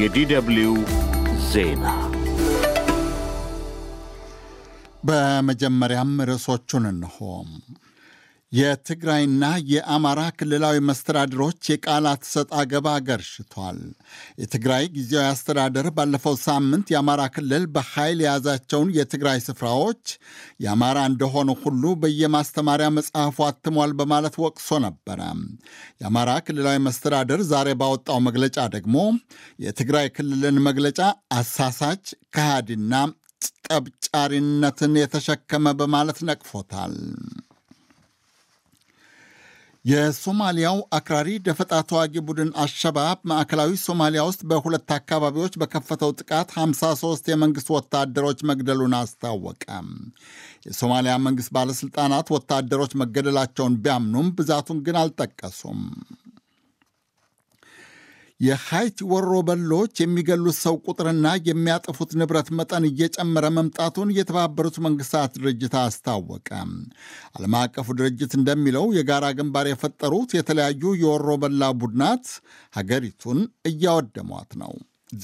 የዲደብሊው ዜና በመጀመሪያም ርዕሶቹን እንሆም። የትግራይና የአማራ ክልላዊ መስተዳድሮች የቃላት ሰጥ አገባ ገርሽቷል። የትግራይ ጊዜያዊ አስተዳደር ባለፈው ሳምንት የአማራ ክልል በኃይል የያዛቸውን የትግራይ ስፍራዎች የአማራ እንደሆኑ ሁሉ በየማስተማሪያ መጽሐፉ አትሟል በማለት ወቅሶ ነበረ። የአማራ ክልላዊ መስተዳደር ዛሬ ባወጣው መግለጫ ደግሞ የትግራይ ክልልን መግለጫ አሳሳች፣ ከሃዲና ጠብጫሪነትን የተሸከመ በማለት ነቅፎታል። የሶማሊያው አክራሪ ደፈጣ ተዋጊ ቡድን አሸባብ ማዕከላዊ ሶማሊያ ውስጥ በሁለት አካባቢዎች በከፈተው ጥቃት 53 የመንግሥት ወታደሮች መግደሉን አስታወቀ። የሶማሊያ መንግሥት ባለሥልጣናት ወታደሮች መገደላቸውን ቢያምኑም ብዛቱን ግን አልጠቀሱም። ወሮ በሎች የሚገሉት ሰው ቁጥርና የሚያጠፉት ንብረት መጠን እየጨመረ መምጣቱን የተባበሩት መንግስታት ድርጅት አስታወቀ። ዓለም አቀፉ ድርጅት እንደሚለው የጋራ ግንባር የፈጠሩት የተለያዩ የወሮ በላ ቡድናት ሀገሪቱን እያወደሟት ነው።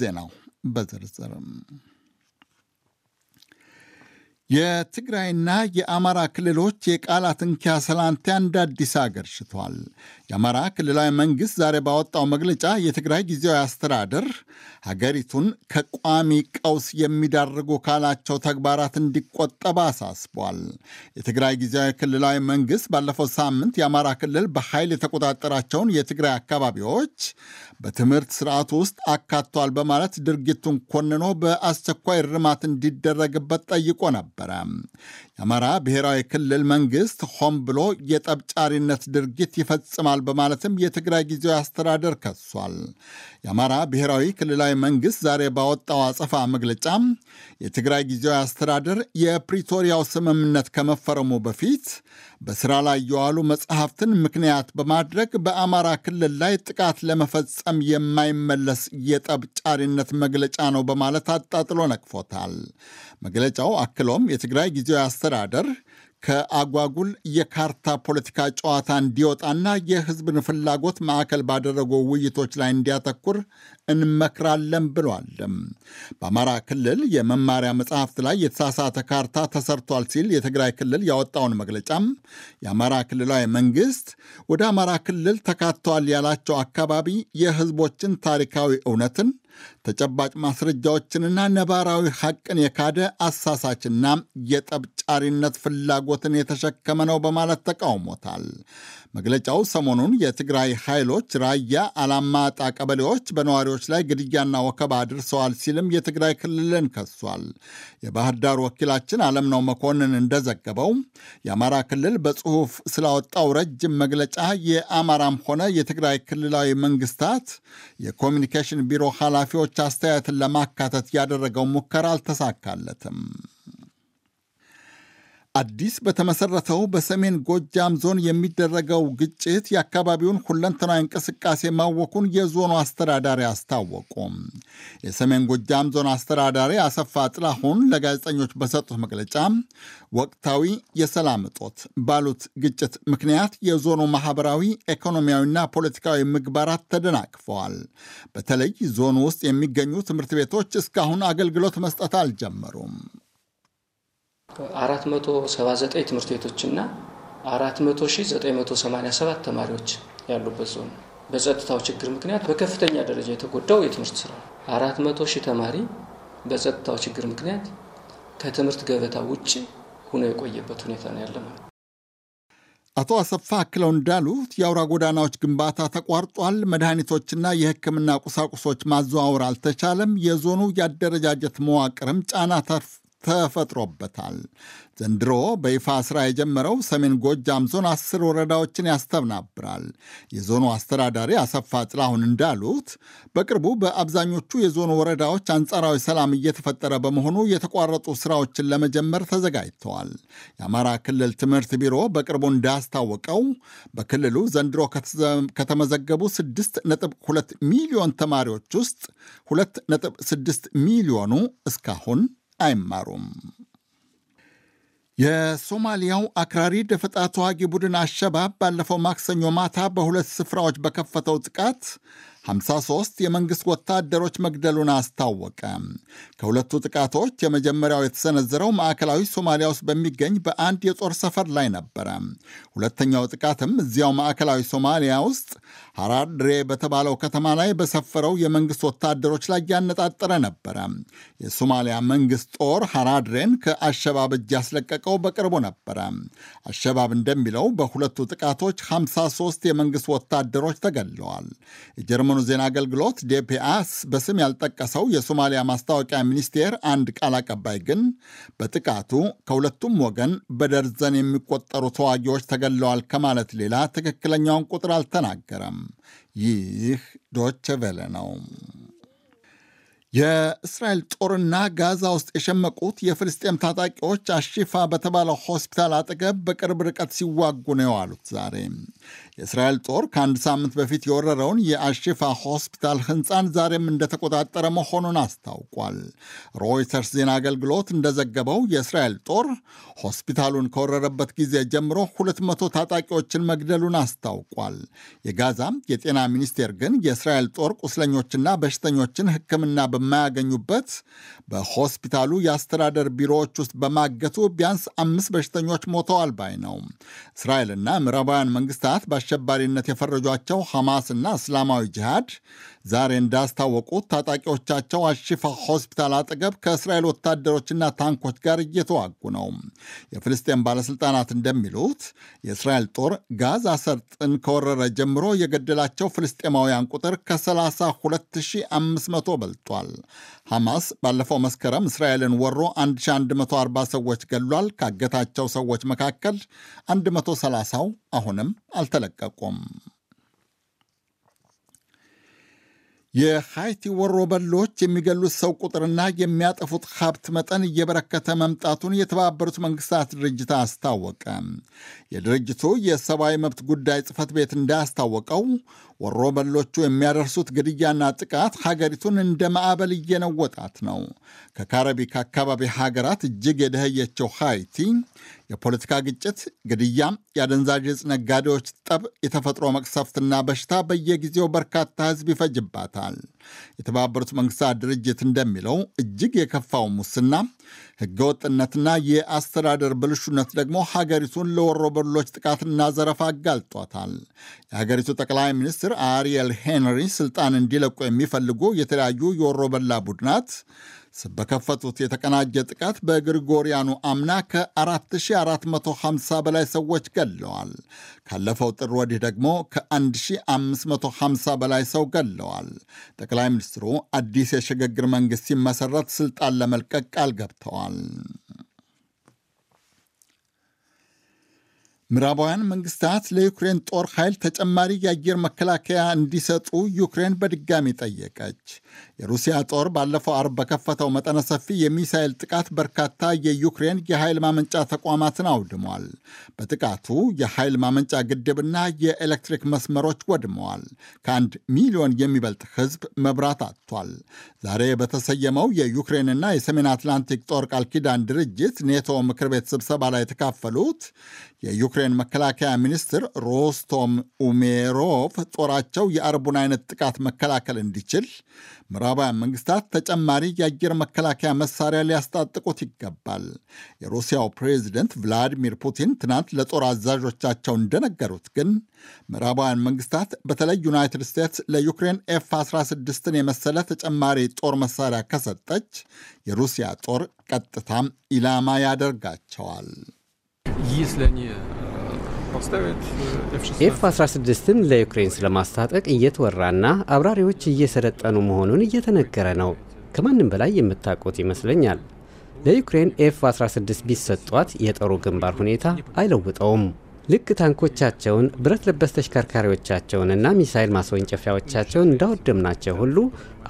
ዜናው በዝርዝርም የትግራይና የአማራ ክልሎች የቃላት ኪያሰላንቴ አንድ አዲስ አገር ሽቷል የአማራ ክልላዊ መንግሥት ዛሬ ባወጣው መግለጫ የትግራይ ጊዜያዊ አስተዳደር ሀገሪቱን ከቋሚ ቀውስ የሚዳርጉ ካላቸው ተግባራት እንዲቆጠባ አሳስቧል። የትግራይ ጊዜያዊ ክልላዊ መንግሥት ባለፈው ሳምንት የአማራ ክልል በኃይል የተቆጣጠራቸውን የትግራይ አካባቢዎች በትምህርት ስርዓቱ ውስጥ አካቷል በማለት ድርጊቱን ኮንኖ በአስቸኳይ እርማት እንዲደረግበት ጠይቆ ነበር። ነበረ። የአማራ ብሔራዊ ክልል መንግስት ሆን ብሎ የጠብጫሪነት ድርጊት ይፈጽማል በማለትም የትግራይ ጊዜያዊ አስተዳደር ከሷል። የአማራ ብሔራዊ ክልላዊ መንግስት ዛሬ ባወጣው አጸፋ መግለጫ የትግራይ ጊዜያዊ አስተዳደር የፕሪቶሪያው ስምምነት ከመፈረሙ በፊት በስራ ላይ የዋሉ መጽሐፍትን ምክንያት በማድረግ በአማራ ክልል ላይ ጥቃት ለመፈጸም የማይመለስ የጠብጫሪነት መግለጫ ነው በማለት አጣጥሎ ነቅፎታል። መግለጫው አክሎም የትግራይ ጊዜያዊ አስተዳደር ከአጓጉል የካርታ ፖለቲካ ጨዋታ እንዲወጣና የሕዝብን ፍላጎት ማዕከል ባደረጉ ውይይቶች ላይ እንዲያተኩር እንመክራለን ብሏል። በአማራ ክልል የመማሪያ መጽሐፍት ላይ የተሳሳተ ካርታ ተሰርቷል ሲል የትግራይ ክልል ያወጣውን መግለጫም የአማራ ክልላዊ መንግስት ወደ አማራ ክልል ተካተዋል ያላቸው አካባቢ የሕዝቦችን ታሪካዊ እውነትን ተጨባጭ ማስረጃዎችንና ነባራዊ ሐቅን የካደ አሳሳችና የጠብጫሪነት ፍላጎትን የተሸከመ ነው በማለት ተቃውሞታል። መግለጫው ሰሞኑን የትግራይ ኃይሎች ራያ አላማጣ ቀበሌዎች በነዋሪዎች ላይ ግድያና ወከባ አድርሰዋል ሲልም የትግራይ ክልልን ከሷል። የባህር ዳር ወኪላችን አለምነው መኮንን እንደዘገበው የአማራ ክልል በጽሑፍ ስላወጣው ረጅም መግለጫ የአማራም ሆነ የትግራይ ክልላዊ መንግስታት የኮሚኒኬሽን ቢሮ ኃላ ኃላፊዎች አስተያየትን ለማካተት ያደረገው ሙከራ አልተሳካለትም። አዲስ በተመሰረተው በሰሜን ጎጃም ዞን የሚደረገው ግጭት የአካባቢውን ሁለንተና እንቅስቃሴ ማወኩን የዞኑ አስተዳዳሪ አስታወቁ። የሰሜን ጎጃም ዞን አስተዳዳሪ አሰፋ ጥላሁን ለጋዜጠኞች በሰጡት መግለጫ ወቅታዊ የሰላም እጦት ባሉት ግጭት ምክንያት የዞኑ ማህበራዊ፣ ኢኮኖሚያዊና ፖለቲካዊ ምግባራት ተደናቅፈዋል። በተለይ ዞኑ ውስጥ የሚገኙ ትምህርት ቤቶች እስካሁን አገልግሎት መስጠት አልጀመሩም። 479 ትምህርት ቤቶችና 4987 ተማሪዎች ያሉበት ዞን ነው። በጸጥታው ችግር ምክንያት በከፍተኛ ደረጃ የተጎዳው የትምህርት ስራ ነው። 400 ሺህ ተማሪ በጸጥታው ችግር ምክንያት ከትምህርት ገበታ ውጭ ሆኖ የቆየበት ሁኔታ ነው ያለ ማለት። አቶ አሰፋ አክለው እንዳሉት የአውራ ጎዳናዎች ግንባታ ተቋርጧል፣ መድኃኒቶችና የሕክምና ቁሳቁሶች ማዘዋወር አልተቻለም፣ የዞኑ የአደረጃጀት መዋቅርም ጫና ተርፎ ተፈጥሮበታል። ዘንድሮ በይፋ ስራ የጀመረው ሰሜን ጎጃም ዞን አስር ወረዳዎችን ያስተናብራል። የዞኑ አስተዳዳሪ አሰፋ ጥላሁን እንዳሉት በቅርቡ በአብዛኞቹ የዞኑ ወረዳዎች አንጻራዊ ሰላም እየተፈጠረ በመሆኑ የተቋረጡ ስራዎችን ለመጀመር ተዘጋጅተዋል። የአማራ ክልል ትምህርት ቢሮ በቅርቡ እንዳስታወቀው በክልሉ ዘንድሮ ከተመዘገቡ 6.2 ሚሊዮን ተማሪዎች ውስጥ 2.6 ሚሊዮኑ እስካሁን አይማሩም። የሶማሊያው አክራሪ ደፈጣ ተዋጊ ቡድን አሸባብ ባለፈው ማክሰኞ ማታ በሁለት ስፍራዎች በከፈተው ጥቃት 53 የመንግሥት ወታደሮች መግደሉን አስታወቀ። ከሁለቱ ጥቃቶች የመጀመሪያው የተሰነዘረው ማዕከላዊ ሶማሊያ ውስጥ በሚገኝ በአንድ የጦር ሰፈር ላይ ነበረ። ሁለተኛው ጥቃትም እዚያው ማዕከላዊ ሶማሊያ ውስጥ ሐራድሬ በተባለው ከተማ ላይ በሰፈረው የመንግሥት ወታደሮች ላይ ያነጣጠረ ነበረ። የሶማሊያ መንግሥት ጦር ሐራድሬን ከአሸባብ እጅ ያስለቀቀው በቅርቡ ነበረ። አሸባብ እንደሚለው በሁለቱ ጥቃቶች 53 የመንግሥት ወታደሮች ተገድለዋል። የጀርመኑ ዜና አገልግሎት ዴፒአስ በስም ያልጠቀሰው የሶማሊያ ማስታወቂያ ሚኒስቴር አንድ ቃል አቀባይ ግን በጥቃቱ ከሁለቱም ወገን በደርዘን የሚቆጠሩ ተዋጊዎች ተገድለዋል ከማለት ሌላ ትክክለኛውን ቁጥር አልተናገረም። ይህ ዶቸ ቬለ ነው። የእስራኤል ጦርና ጋዛ ውስጥ የሸመቁት የፍልስጤም ታጣቂዎች አሺፋ በተባለው ሆስፒታል አጠገብ በቅርብ ርቀት ሲዋጉ ነው የዋሉት። ዛሬ የእስራኤል ጦር ከአንድ ሳምንት በፊት የወረረውን የአሺፋ ሆስፒታል ሕንፃን ዛሬም እንደተቆጣጠረ መሆኑን አስታውቋል። ሮይተርስ ዜና አገልግሎት እንደዘገበው የእስራኤል ጦር ሆስፒታሉን ከወረረበት ጊዜ ጀምሮ 200 ታጣቂዎችን መግደሉን አስታውቋል። የጋዛም የጤና ሚኒስቴር ግን የእስራኤል ጦር ቁስለኞችና በሽተኞችን ሕክምና በማያገኙበት በሆስፒታሉ የአስተዳደር ቢሮዎች ውስጥ በማገቱ ቢያንስ አምስት በሽተኞች ሞተዋል ባይ ነው። እስራኤልና ምዕራባውያን መንግስታት በአሸባሪነት የፈረጇቸው ሐማስና እስላማዊ ጅሃድ ዛሬ እንዳስታወቁት ታጣቂዎቻቸው አሽፋ ሆስፒታል አጠገብ ከእስራኤል ወታደሮችና ታንኮች ጋር እየተዋጉ ነው። የፍልስጤን ባለሥልጣናት እንደሚሉት የእስራኤል ጦር ጋዛ ሰርጥን ከወረረ ጀምሮ የገደላቸው ፍልስጤማውያን ቁጥር ከ32500 በልጧል። ተናግረዋል። ሐማስ ባለፈው መስከረም እስራኤልን ወሮ 1140 ሰዎች ገሏል። ካገታቸው ሰዎች መካከል 130ው አሁንም አልተለቀቁም። የሃይቲ በሎች የሚገሉት ሰው ቁጥርና የሚያጠፉት ሀብት መጠን እየበረከተ መምጣቱን የተባበሩት መንግስታት ድርጅት አስታወቀ። የድርጅቱ የሰብአዊ መብት ጉዳይ ጽፈት ቤት እንዳስታወቀው ወሮበሎቹ የሚያደርሱት ግድያና ጥቃት ሀገሪቱን እንደ ማዕበል እየነወጣት ነው። ከካረቢክ አካባቢ ሀገራት እጅግ የደኸየችው ሃይቲ የፖለቲካ ግጭት፣ ግድያ፣ የአደንዛዥ ዕፅ ነጋዴዎች ጠብ፣ የተፈጥሮ መቅሰፍትና በሽታ በየጊዜው በርካታ ህዝብ ይፈጅባታል። የተባበሩት መንግስታት ድርጅት እንደሚለው እጅግ የከፋው ሙስና፣ ህገወጥነትና የአስተዳደር ብልሹነት ደግሞ ሀገሪቱን ለወሮበሎች ጥቃትና ዘረፋ አጋልጧታል። የሀገሪቱ ጠቅላይ ሚኒስትር አሪየል ሄንሪ ስልጣን እንዲለቁ የሚፈልጉ የተለያዩ የወሮበላ ቡድናት በከፈቱት የተቀናጀ ጥቃት በግሪጎሪያኑ አምና ከ4450 በላይ ሰዎች ገለዋል። ካለፈው ጥር ወዲህ ደግሞ ከ1550 በላይ ሰው ገለዋል። ጠቅላይ ሚኒስትሩ አዲስ የሽግግር መንግሥት ሲመሰረት ስልጣን ለመልቀቅ ቃል ገብተዋል። ምዕራባውያን መንግስታት ለዩክሬን ጦር ኃይል ተጨማሪ የአየር መከላከያ እንዲሰጡ ዩክሬን በድጋሚ ጠየቀች። የሩሲያ ጦር ባለፈው አርብ በከፈተው መጠነ ሰፊ የሚሳኤል ጥቃት በርካታ የዩክሬን የኃይል ማመንጫ ተቋማትን አውድሟል። በጥቃቱ የኃይል ማመንጫ ግድብና የኤሌክትሪክ መስመሮች ወድመዋል። ከአንድ ሚሊዮን የሚበልጥ ሕዝብ መብራት አጥቷል። ዛሬ በተሰየመው የዩክሬንና የሰሜን አትላንቲክ ጦር ቃል ኪዳን ድርጅት ኔቶ ምክር ቤት ስብሰባ ላይ የተካፈሉት የዩክሬን መከላከያ ሚኒስትር ሮስቶም ኡሜሮቭ ጦራቸው የአርቡን አይነት ጥቃት መከላከል እንዲችል ምዕራባውያን መንግስታት ተጨማሪ የአየር መከላከያ መሳሪያ ሊያስታጥቁት ይገባል። የሩሲያው ፕሬዚደንት ቭላዲሚር ፑቲን ትናንት ለጦር አዛዦቻቸው እንደነገሩት ግን ምዕራባውያን መንግስታት በተለይ ዩናይትድ ስቴትስ ለዩክሬን ኤፍ 16ን የመሰለ ተጨማሪ ጦር መሳሪያ ከሰጠች የሩሲያ ጦር ቀጥታም ኢላማ ያደርጋቸዋል። если они э, поставят 16 ን ለዩክሬን ስለማስታጠቅ እየተወራና አብራሪዎች እየሰለጠኑ መሆኑን እየተነገረ ነው። ከማንም በላይ የምታውቁት ይመስለኛል። ለዩክሬን ኤፍ-16 ቢሰጧት የጦሩ ግንባር ሁኔታ አይለውጠውም። ልክ ታንኮቻቸውን፣ ብረት ለበስ ተሽከርካሪዎቻቸውንና ሚሳይል ማስወንጨፊያዎቻቸውን እንዳወደምናቸው ሁሉ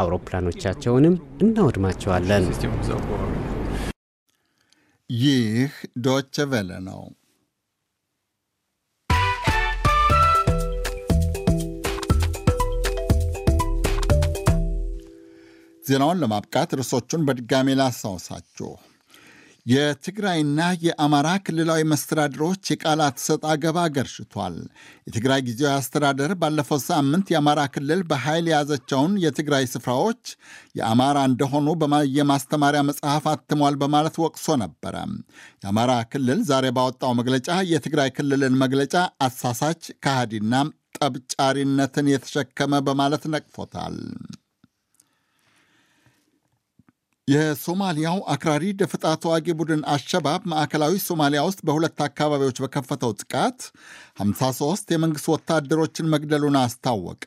አውሮፕላኖቻቸውንም እናወድማቸዋለን። ይህ ዶቸ ቬለ ነው። ዜናውን ለማብቃት ርዕሶቹን በድጋሜ ላስታውሳችሁ። የትግራይና የአማራ ክልላዊ መስተዳድሮች የቃላት ሰጥ አገባ ገርሽቷል። የትግራይ ጊዜያዊ አስተዳደር ባለፈው ሳምንት የአማራ ክልል በኃይል የያዘቸውን የትግራይ ስፍራዎች የአማራ እንደሆኑ የማስተማሪያ መጽሐፍ አትሟል በማለት ወቅሶ ነበረ። የአማራ ክልል ዛሬ ባወጣው መግለጫ የትግራይ ክልልን መግለጫ አሳሳች፣ ከሃዲና ጠብጫሪነትን የተሸከመ በማለት ነቅፎታል። የሶማሊያው አክራሪ ደፈጣ ተዋጊ ቡድን አሸባብ ማዕከላዊ ሶማሊያ ውስጥ በሁለት አካባቢዎች በከፈተው ጥቃት 53 የመንግሥት ወታደሮችን መግደሉን አስታወቀ።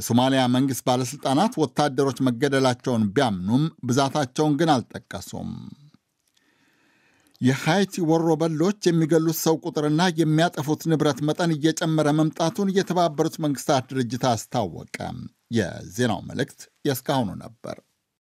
የሶማሊያ መንግሥት ባለሥልጣናት ወታደሮች መገደላቸውን ቢያምኑም ብዛታቸውን ግን አልጠቀሱም። የሐይቲ ወሮበሎች የሚገሉት ሰው ቁጥርና የሚያጠፉት ንብረት መጠን እየጨመረ መምጣቱን የተባበሩት መንግሥታት ድርጅት አስታወቀ። የዜናው መልእክት የእስካሁኑ ነበር።